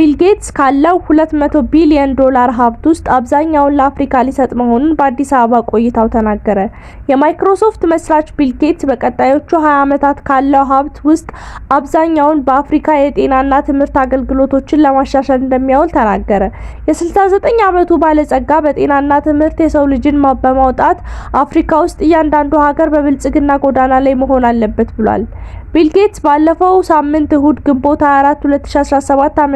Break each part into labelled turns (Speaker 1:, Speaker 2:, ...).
Speaker 1: ቢል ጌትስ ካለው 200 ቢሊዮን ዶላር ሀብት ውስጥ አብዛኛውን ለአፍሪካ ሊሰጥ መሆኑን በአዲስ አበባ ቆይታው ተናገረ። የማይክሮሶፍት መስራች ቢል ጌትስ በቀጣዮቹ 20 ዓመታት ካለው ሀብት ውስጥ አብዛኛውን በአፍሪካ የጤናና ትምህርት አገልግሎቶችን ለማሻሻል እንደሚያውል ተናገረ። የ69 ዓመቱ ባለጸጋ በጤናና ትምህርት የሰው ልጅን በማውጣት አፍሪካ ውስጥ እያንዳንዱ ሀገር በብልጽግና ጎዳና ላይ መሆን አለበት ብሏል። ቢል ጌትስ ባለፈው ሳምንት እሁድ ግንቦት 24 2017 ዓ.ም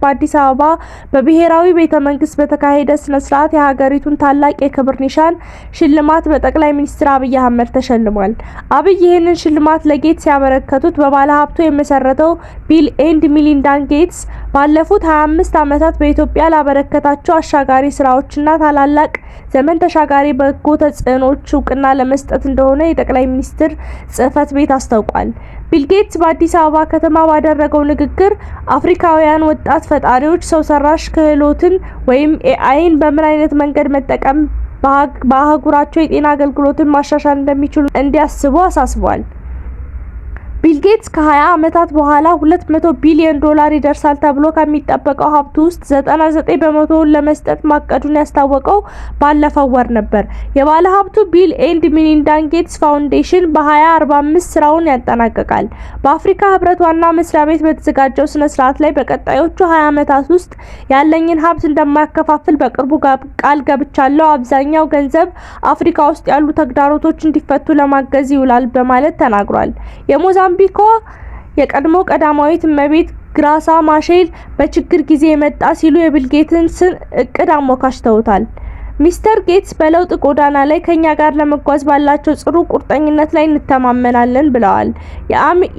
Speaker 1: በአዲስ አበባ በብሔራዊ ቤተ መንግስት በተካሄደ ስነ ስርዓት የሀገሪቱን ታላቅ የክብር ኒሻን ሽልማት በጠቅላይ ሚኒስትር አብይ አህመድ ተሸልሟል። አብይ ይህንን ሽልማት ለጌትስ ያበረከቱት በባለሀብቱ የመሰረተው ቢል ኤንድ ሚሊንዳን ጌትስ ባለፉት 25 ዓመታት በኢትዮጵያ ላበረከታቸው አሻጋሪ ስራዎችና ታላላቅ ዘመን ተሻጋሪ በጎ ተጽዕኖዎች እውቅና ለመስጠት እንደሆነ የጠቅላይ ሚኒስትር ጽህፈት ቤት አስታውቋል። ቢል ጌትስ በአዲስ አበባ ከተማ ባደረገው ንግግር አፍሪካውያን ወጣት ፈጣሪዎች ሰው ሰራሽ ክህሎትን ወይም ኤአይን በምን አይነት መንገድ መጠቀም በአህጉራቸው የጤና አገልግሎትን ማሻሻል እንደሚችሉ እንዲያስቡ አሳስቧል። ቢልጌትስ ከ20 ዓመታት በኋላ 200 ቢሊዮን ዶላር ይደርሳል ተብሎ ከሚጠበቀው ሀብቱ ውስጥ 99 በመቶውን ለመስጠት ማቀዱን ያስታወቀው ባለፈው ወር ነበር። የባለ ሀብቱ ቢል ኤንድ ሚሊንዳ ጌትስ ፋውንዴሽን በ2045 ስራውን ያጠናቅቃል። በአፍሪካ ህብረት ዋና መስሪያ ቤት በተዘጋጀው ስነ ስርዓት ላይ በቀጣዮቹ 20 ዓመታት ውስጥ ያለኝን ሀብት እንደማያከፋፍል በቅርቡ ቃል ገብቻለሁ፣ አብዛኛው ገንዘብ አፍሪካ ውስጥ ያሉ ተግዳሮቶች እንዲፈቱ ለማገዝ ይውላል በማለት ተናግሯል። ሞዛምቢኳ የቀድሞ ቀዳማዊት እመቤት ግራሳ ማሼል በችግር ጊዜ የመጣ ሲሉ የብልጌትን ስን እቅድ አሞካሽተውታል። ሚስተር ጌትስ በለውጥ ጎዳና ላይ ከኛ ጋር ለመጓዝ ባላቸው ጥሩ ቁርጠኝነት ላይ እንተማመናለን ብለዋል።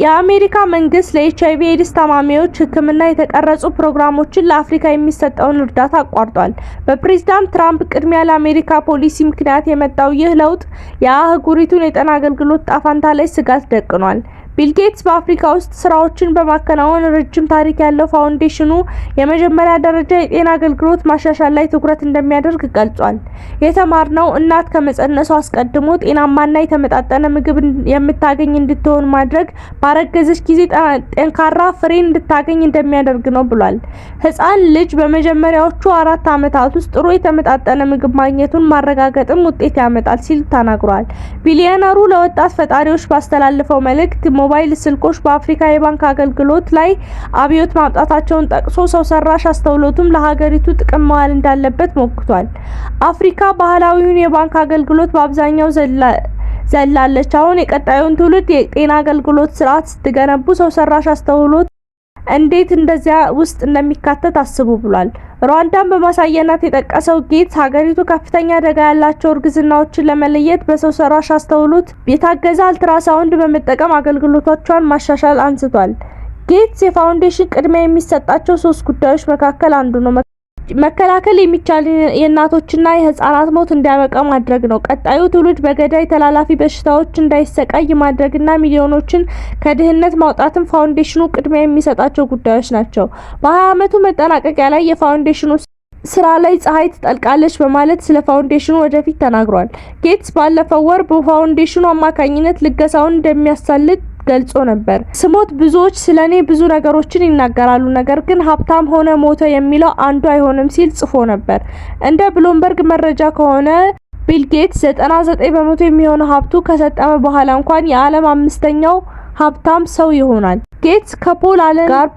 Speaker 1: የአሜሪካ መንግስት ለኤች ኤድስ ታማሚዎች ሕክምና የተቀረጹ ፕሮግራሞችን ለአፍሪካ የሚሰጠውን እርዳታ አቋርጧል። በፕሬዚዳንት ትራምፕ ቅድሚያ ለአሜሪካ ፖሊሲ ምክንያት የመጣው ይህ ለውጥ የአህጉሪቱን የጤና አገልግሎት ጣፋንታ ላይ ስጋት ደቅኗል። ቢልጌትስ በአፍሪካ ውስጥ ስራዎችን በማከናወን ረጅም ታሪክ ያለው ፋውንዴሽኑ የመጀመሪያ ደረጃ የጤና አገልግሎት ማሻሻል ላይ ትኩረት እንደሚያደርግ ገልጿል። የተማርነው እናት ከመጸነሱ አስቀድሞ ጤናማና የተመጣጠነ ምግብ የምታገኝ እንድትሆን ማድረግ ባረገዘች ጊዜ ጠንካራ ፍሬ እንድታገኝ እንደሚያደርግ ነው ብሏል። ህጻን ልጅ በመጀመሪያዎቹ አራት ዓመታት ውስጥ ጥሩ የተመጣጠነ ምግብ ማግኘቱን ማረጋገጥም ውጤት ያመጣል ሲል ተናግሯል። ቢሊዮነሩ ለወጣት ፈጣሪዎች ባስተላለፈው መልእክት የሞባይል ስልኮች በአፍሪካ የባንክ አገልግሎት ላይ አብዮት ማምጣታቸውን ጠቅሶ ሰው ሰራሽ አስተውሎቱም ለሀገሪቱ ጥቅም መዋል እንዳለበት ሞክቷል። አፍሪካ ባህላዊውን የባንክ አገልግሎት በአብዛኛው ዘላለች። አሁን የቀጣዩን ትውልድ የጤና አገልግሎት ስርዓት ስትገነቡ ሰው ሰራሽ አስተውሎት እንዴት እንደዚያ ውስጥ እንደሚካተት አስቡ ብሏል። ሩዋንዳን በማሳየናት የጠቀሰው ጌት ሀገሪቱ ከፍተኛ አደጋ ያላቸው እርግዝናዎችን ለመለየት በሰው ሰራሽ አስተውሎት የታገዘ አልትራሳውንድ በመጠቀም አገልግሎቶቿን ማሻሻል አንስቷል። ጌትስ የፋውንዴሽን ቅድሚያ የሚሰጣቸው ሶስት ጉዳዮች መካከል አንዱ ነው። መከላከል የሚቻል የእናቶችና የህጻናት ሞት እንዲያበቃ ማድረግ ነው። ቀጣዩ ትውልድ በገዳይ ተላላፊ በሽታዎች እንዳይሰቃይ ማድረግና ሚሊዮኖችን ከድህነት ማውጣትም ፋውንዴሽኑ ቅድሚያ የሚሰጣቸው ጉዳዮች ናቸው። በሀያ አመቱ መጠናቀቂያ ላይ የፋውንዴሽኑ ስራ ላይ ፀሐይ ትጠልቃለች በማለት ስለ ፋውንዴሽኑ ወደፊት ተናግሯል። ጌትስ ባለፈው ወር በፋውንዴሽኑ አማካኝነት ልገሳውን እንደሚያሳልጥ ገልጾ ነበር። ስሞት ብዙዎች ስለ እኔ ብዙ ነገሮችን ይናገራሉ፣ ነገር ግን ሀብታም ሆነ ሞተ የሚለው አንዱ አይሆንም ሲል ጽፎ ነበር። እንደ ብሎምበርግ መረጃ ከሆነ ቢል ጌትስ 99 በመቶ የሚሆነው ሀብቱ ከሰጠመ በኋላ እንኳን የዓለም አምስተኛው ሀብታም ሰው ይሆናል። ጌትስ ከፖል አለን ጋር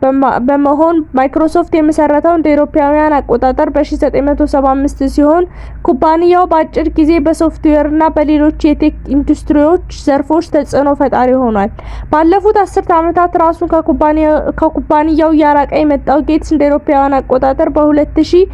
Speaker 1: በመሆን ማይክሮሶፍት የመሰረተው እንደ አውሮፓውያን አቆጣጠር በ1975 ሲሆን ኩባንያው በአጭር ጊዜ በሶፍትዌርና በሌሎች የቴክ ኢንዱስትሪዎች ዘርፎች ተጽዕኖ ፈጣሪ ሆኗል። ባለፉት አስርተ ዓመታት ራሱን ከኩባንያው እያራቀ የመጣው ጌትስ እንደ አውሮፓውያን አቆጣጠር በ2000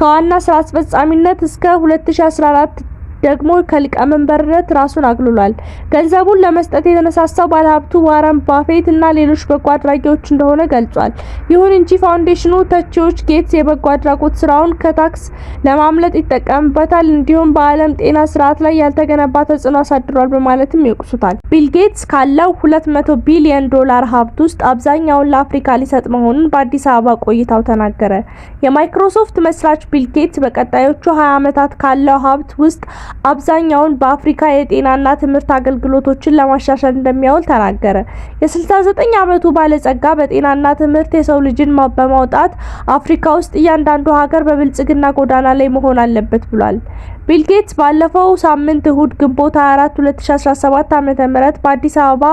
Speaker 1: ከዋና ስራ አስፈጻሚነት እስከ 2014 ደግሞ ከሊቀመንበርነት ራሱን አግልሏል። ገንዘቡን ለመስጠት የተነሳሳው ባለሀብቱ ዋረን ባፌት እና ሌሎች በጎ አድራጊዎች እንደሆነ ገልጿል። ይሁን እንጂ ፋውንዴሽኑ ተቺዎች ጌትስ የበጎ አድራጎት ስራውን ከታክስ ለማምለጥ ይጠቀምበታል፣ እንዲሁም በዓለም ጤና ስርዓት ላይ ያልተገነባ ተጽዕኖ አሳድሯል በማለትም ይወቅሱታል። ቢል ጌትስ ካለው 200 ቢሊዮን ዶላር ሀብት ውስጥ አብዛኛውን ለአፍሪካ ሊሰጥ መሆኑን በአዲስ አበባ ቆይታው ተናገረ። የማይክሮሶፍት መስራች ቢል ጌትስ በቀጣዮቹ 20 ዓመታት ካለው ሀብት ውስጥ አብዛኛውን በአፍሪካ የጤናና ትምህርት አገልግሎቶችን ለማሻሻል እንደሚያውል ተናገረ። የ69 ዓመቱ ባለጸጋ በጤናና ትምህርት የሰው ልጅን በማውጣት አፍሪካ ውስጥ እያንዳንዱ ሀገር በብልጽግና ጎዳና ላይ መሆን አለበት ብሏል። ቢል ጌትስ ባለፈው ሳምንት እሁድ ግንቦት 24 2017 ዓ.ም በአዲስ አበባ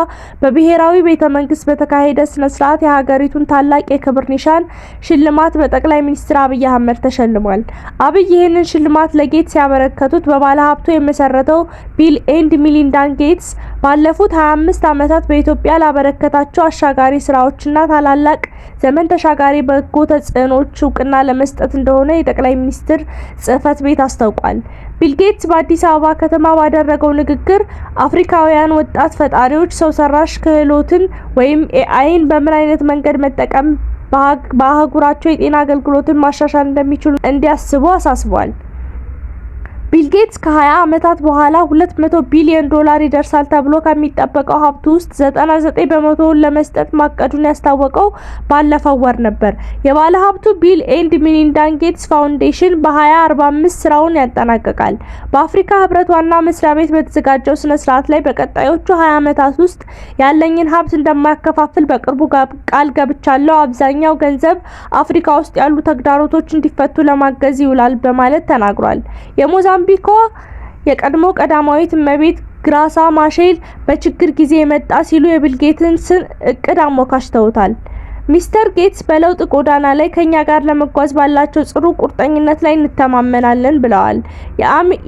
Speaker 1: በብሔራዊ ቤተ መንግስት በተካሄደ ስነ ስርዓት የሀገሪቱን ታላቅ የክብር ኒሻን ሽልማት በጠቅላይ ሚኒስትር አብይ አህመድ ተሸልሟል። አብይ ይህንን ሽልማት ለጌትስ ያበረከቱት በባለ ባለሀብቱ የመሰረተው ቢል ኤንድ ሚሊንዳ ጌትስ ባለፉት 25 ዓመታት በኢትዮጵያ ላበረከታቸው አሻጋሪ ስራዎችና ታላላቅ ዘመን ተሻጋሪ በጎ ተጽዕኖዎች እውቅና ለመስጠት እንደሆነ የጠቅላይ ሚኒስትር ጽህፈት ቤት አስታውቋል። ቢል ጌትስ በአዲስ አበባ ከተማ ባደረገው ንግግር አፍሪካውያን ወጣት ፈጣሪዎች ሰው ሰራሽ ክህሎትን ወይም ኤአይን በምን አይነት መንገድ መጠቀም በአህጉራቸው የጤና አገልግሎትን ማሻሻል እንደሚችሉ እንዲያስቡ አሳስቧል። ቢልጌትስ ከ20 ዓመታት በኋላ 200 ቢሊዮን ዶላር ይደርሳል ተብሎ ከሚጠበቀው ሀብቱ ውስጥ 99 በመቶውን ለመስጠት ማቀዱን ያስታወቀው ባለፈው ወር ነበር። የባለሀብቱ ሀብቱ ቢል ኤንድ ሚሊንዳ ጌትስ ፋውንዴሽን በ2045 ስራውን ያጠናቅቃል። በአፍሪካ ህብረት ዋና መስሪያ ቤት በተዘጋጀው ስነ ስርዓት ላይ በቀጣዮቹ 20 ዓመታት ውስጥ ያለኝን ሀብት እንደማያከፋፍል በቅርቡ ቃል ገብቻለሁ፣ አብዛኛው ገንዘብ አፍሪካ ውስጥ ያሉ ተግዳሮቶች እንዲፈቱ ለማገዝ ይውላል በማለት ተናግሯል። ሞዛምቢኳ የቀድሞ ቀዳማዊት እመቤት ግራሳ ማሼል በችግር ጊዜ የመጣ ሲሉ የብልጌትን ስን እቅድ አሞካሽተውታል። ሚስተር ጌትስ በለውጥ ጎዳና ላይ ከኛ ጋር ለመጓዝ ባላቸው ጽሩ ቁርጠኝነት ላይ እንተማመናለን ብለዋል።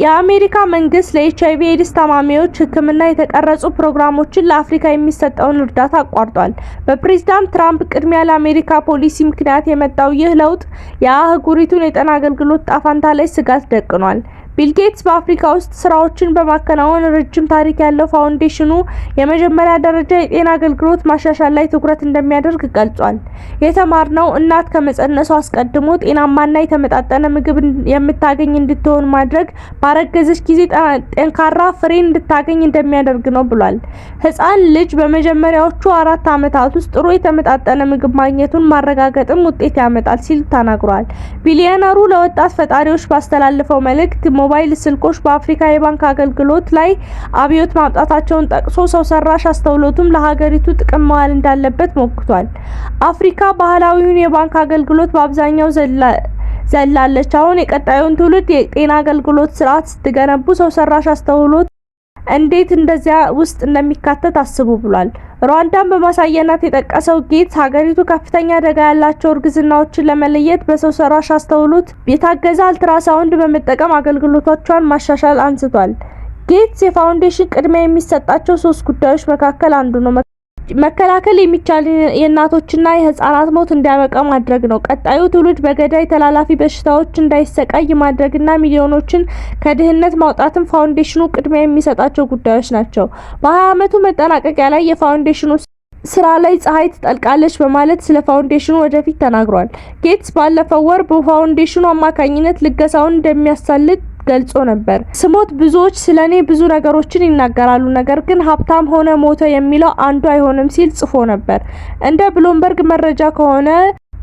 Speaker 1: የአሜሪካ መንግስት ለኤች ኤድስ ታማሚዎች ሕክምና የተቀረጹ ፕሮግራሞችን ለአፍሪካ የሚሰጠውን እርዳታ አቋርጧል። በፕሬዚዳንት ትራምፕ ቅድሚያ ለአሜሪካ ፖሊሲ ምክንያት የመጣው ይህ ለውጥ የአህጉሪቱን የጤና አገልግሎት ጣፋንታ ላይ ስጋት ደቅኗል። ቢል ጌትስ በአፍሪካ ውስጥ ስራዎችን በማከናወን ረጅም ታሪክ ያለው ፋውንዴሽኑ የመጀመሪያ ደረጃ የጤና አገልግሎት ማሻሻል ላይ ትኩረት እንደሚያደርግ ገልጿል። የተማርነው እናት ከመጸነሱ አስቀድሞ ጤናማና የተመጣጠነ ምግብ የምታገኝ እንድትሆን ማድረግ ባረገዘች ጊዜ ጠንካራ ፍሬ እንድታገኝ እንደሚያደርግ ነው ብሏል። ህጻን ልጅ በመጀመሪያዎቹ አራት ዓመታት ውስጥ ጥሩ የተመጣጠነ ምግብ ማግኘቱን ማረጋገጥም ውጤት ያመጣል ሲል ተናግሯል። ቢሊዮነሩ ለወጣት ፈጣሪዎች ባስተላለፈው መልእክት ሞባይል ስልኮች በአፍሪካ የባንክ አገልግሎት ላይ አብዮት ማምጣታቸውን ጠቅሶ ሰው ሰራሽ አስተውሎቱም ለሀገሪቱ ጥቅም መዋል እንዳለበት ሞክቷል። አፍሪካ ባህላዊውን የባንክ አገልግሎት በአብዛኛው ዘላ ዘላለች። አሁን የቀጣዩን ትውልድ የጤና አገልግሎት ስርዓት ስትገነቡ ሰው ሰራሽ አስተውሎት እንዴት እንደዚያ ውስጥ እንደሚካተት አስቡ ብሏል። ሩዋንዳን በማሳየናት የጠቀሰው ጌት ሀገሪቱ ከፍተኛ አደጋ ያላቸው እርግዝናዎችን ለመለየት በሰው ሰራሽ አስተውሎት የታገዘ አልትራሳውንድ በመጠቀም አገልግሎቶቿን ማሻሻል አንስቷል። ጌትስ የፋውንዴሽን ቅድሚያ የሚሰጣቸው ሶስት ጉዳዮች መካከል አንዱ ነው። መከላከል የሚቻል የእናቶችና የህጻናት ሞት እንዲያበቃ ማድረግ ነው። ቀጣዩ ትውልድ በገዳይ ተላላፊ በሽታዎች እንዳይሰቃይ ማድረግና ሚሊዮኖችን ከድህነት ማውጣትም ፋውንዴሽኑ ቅድሚያ የሚሰጣቸው ጉዳዮች ናቸው። በሀያ አመቱ መጠናቀቂያ ላይ የፋውንዴሽኑ ስራ ላይ ፀሐይ ትጠልቃለች በማለት ስለ ፋውንዴሽኑ ወደፊት ተናግሯል። ጌትስ ባለፈው ወር በፋውንዴሽኑ አማካኝነት ልገሳውን እንደሚያሳልጥ ገልጾ ነበር። ስሞት ብዙዎች ስለ እኔ ብዙ ነገሮችን ይናገራሉ፣ ነገር ግን ሀብታም ሆነ ሞተ የሚለው አንዱ አይሆንም ሲል ጽፎ ነበር። እንደ ብሎምበርግ መረጃ ከሆነ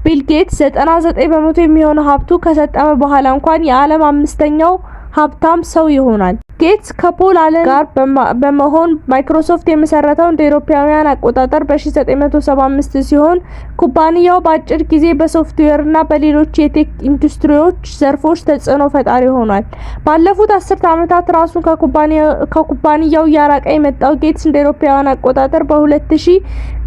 Speaker 1: ቢል ጌትስ 99 በመቶ የሚሆነው ሀብቱ ከሰጠመ በኋላ እንኳን የዓለም አምስተኛው ሀብታም ሰው ይሆናል። ጌትስ ከፖል አለን ጋር በመሆን ማይክሮሶፍት የመሰረተው እንደ አውሮፓውያን አቆጣጠር በ1975 ሲሆን ኩባንያው በአጭር ጊዜ በሶፍትዌርና በሌሎች የቴክ ኢንዱስትሪዎች ዘርፎች ተጽዕኖ ፈጣሪ ሆኗል። ባለፉት አስርት ዓመታት ራሱን ከኩባንያው ያራቀ የመጣው ጌትስ እንደ አውሮፓውያን አቆጣጠር በ2000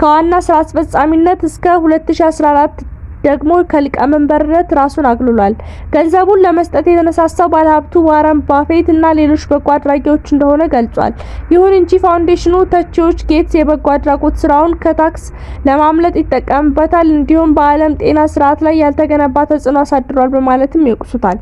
Speaker 1: ከዋና ስራ አስፈጻሚነት እስከ 2014 ደግሞ ከሊቀ መንበርነት ራሱን አግልሏል። ገንዘቡን ለመስጠት የተነሳሳው ባለሀብቱ ዋረን ባፌት እና ሌሎች በጎ አድራጊዎች እንደሆነ ገልጿል። ይሁን እንጂ ፋውንዴሽኑ ተቺዎች ጌትስ የበጎ አድራጎት ስራውን ከታክስ ለማምለጥ ይጠቀምበታል፣ እንዲሁም በዓለም ጤና ስርዓት ላይ ያልተገነባ ተጽዕኖ አሳድሯል በማለትም ይወቅሱታል።